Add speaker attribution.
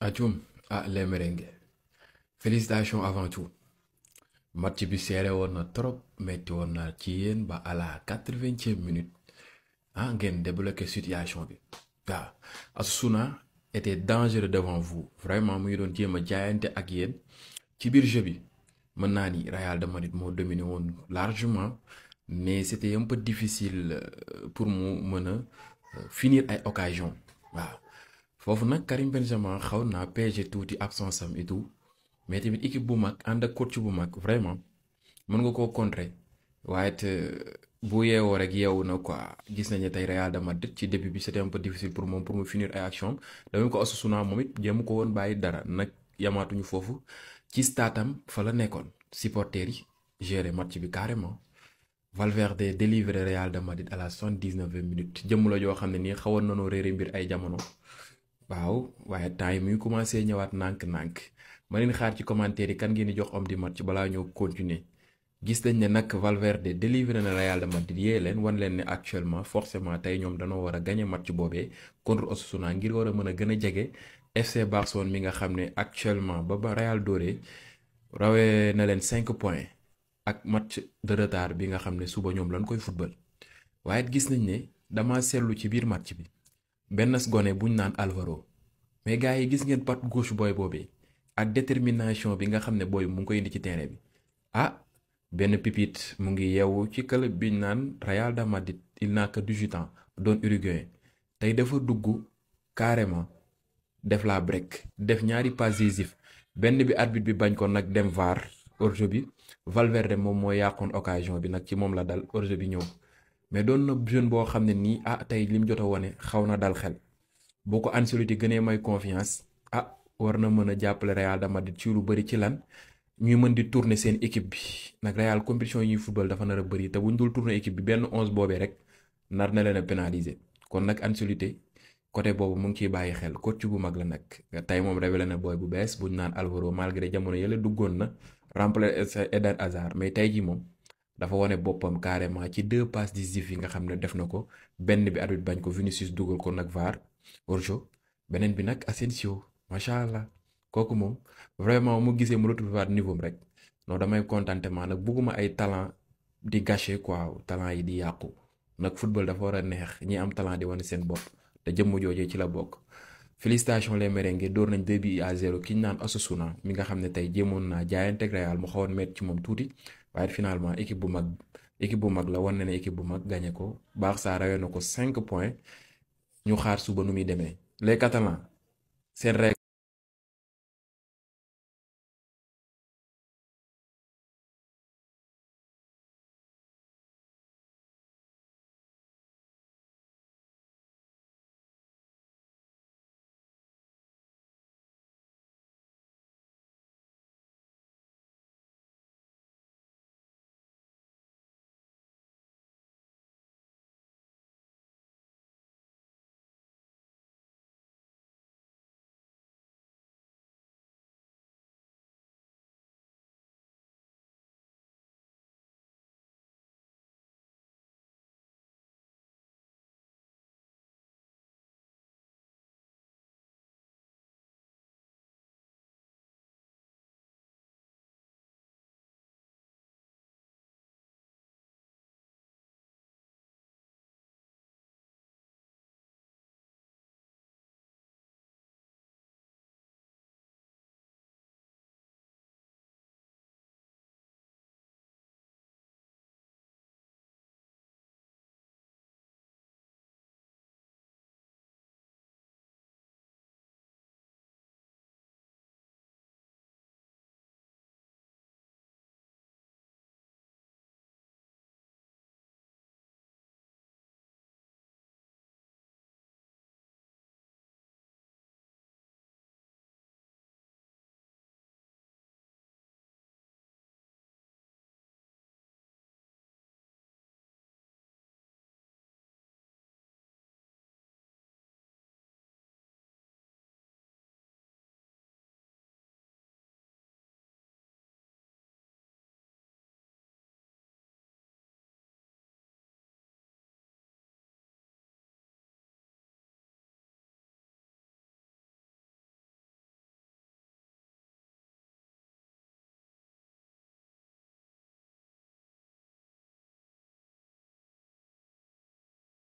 Speaker 1: Atchoum ah les merengue avant tout match bi seere woon na trop metti woon na ci yéen ba à quatre vingt vingtième minute ah ngeen débloqué situation bi waaw Osasuna était dangereux devant vous vraiment mu ngi doon jéem a jaayante ak yéen ci biir jeu bi mën naa ni Real de Madrid moo dominé woon largement mais c'était un peu difficile euh, pour mu mën a euh, finir ay occasion waaw. foofu nag Karim Benzema xaw naa PSG tuuti absence am et tout mais tamit équipe bu mag ànd ak coach bu mag vraiment mën nga koo contrer waaye it bu yeewoo rek yeewu na quoi gis nañu tey Real de Madrid ci début bi c'était difficile pour moom pour mu finir ay action dama ko Osasuna moom it jéem ko woon bàyyi dara nag yamaatuñu foofu ci staatam fa la nekkoon supporters yi gérer match bi carrément. Valverde délivré Real de Madrid à la soixante-dix-neuvième minute jëmm la joo xam ne nii xawoon ay jamono waaw waaye temps yi muy commencé ñëwaat nànk-nànk ma leen xaar ci commentaire yi kan ngeen di jox homme du match balaa ñëw continuer gis nañ ne nag Valverde délivré na Real de Madrid yee leen wan leen ne actuellement forcément tey ñoom dañoo war a gagné match boobee contre Osasuna ngir war a mën a gën a jege FC Barcelone mi nga xam ne actuellement ba ba Real Doré rawee na leen 5 points ak match de retard bi nga xam ne suba ñoom lañ koy football waaye gis nañ ne dama seetlu ci biir match bi. benn gone buñ naan Alvaro mais gars yi gis ngeen pat gauche booy boobee ak détermination bi nga xam ne booy mu ngi koy indi ci terrain bi ah benn pipit mu ngi yeewu ci club biñ naan Real de Madrid il n'a que 18 ans doon uruguayen tey dafa dugg carrément def la break def ñaari passes décisives benn bi arbitre bi bañ ko nag dem VAR hors bi Valverde moom mooy yàqoon occasion bi nag ci moom la dal hors bi ñëw. mais doon na jeune boo xam ne nii ah tey lim jot a wone xaw na dal xel boo ko Ancelotti gënee may confiance ah war na mën a jàppale Real de Madrid ci lu bëri ci lan ñuy mën di tourner seen équipe bi nag Real compétition yi ñuy football dafa nar a bëri te bu ñu dul tourner équipe bi benn onze boobee rek nar na leen a kon nag Ancelotti côté boobu mu ngi ciy bàyyi xel coach bu mag la nag tey moom révélé na booy bu bees bu ñu naan Alvaro malgré jamono yële duggoon na remplacer Eden mais tey jii dafa wane boppam carrément ci deux di décisives yi nga xam ne def na ko benn bi arbitre bañ ko Vinicius dugal ko nag VAR hors-jeu beneen bi nag Asensio macha allah kooku moom vraiment mu gisee mu retrouver waat niveau rek non damay contentement nag bugguma ay talent di gâché quoi talent yi di yàqu nag football dafa war a neex ñi am talent di wane seen bopp te jëmm joojee ci la bokk. félicitations les merengue door nañ 2 buts à 0 ki ñu naan Osasuna mi nga xam ne tey jéemoon naa jaayanteeg Real mu xawoon met moom tuuti waaye finalement équipe bu mag équipe bu mag la war na ne équipe bu mag gagné ko baax Barça rawee na ko 5 points ñu xaar suba nu muy demee les Catalans seen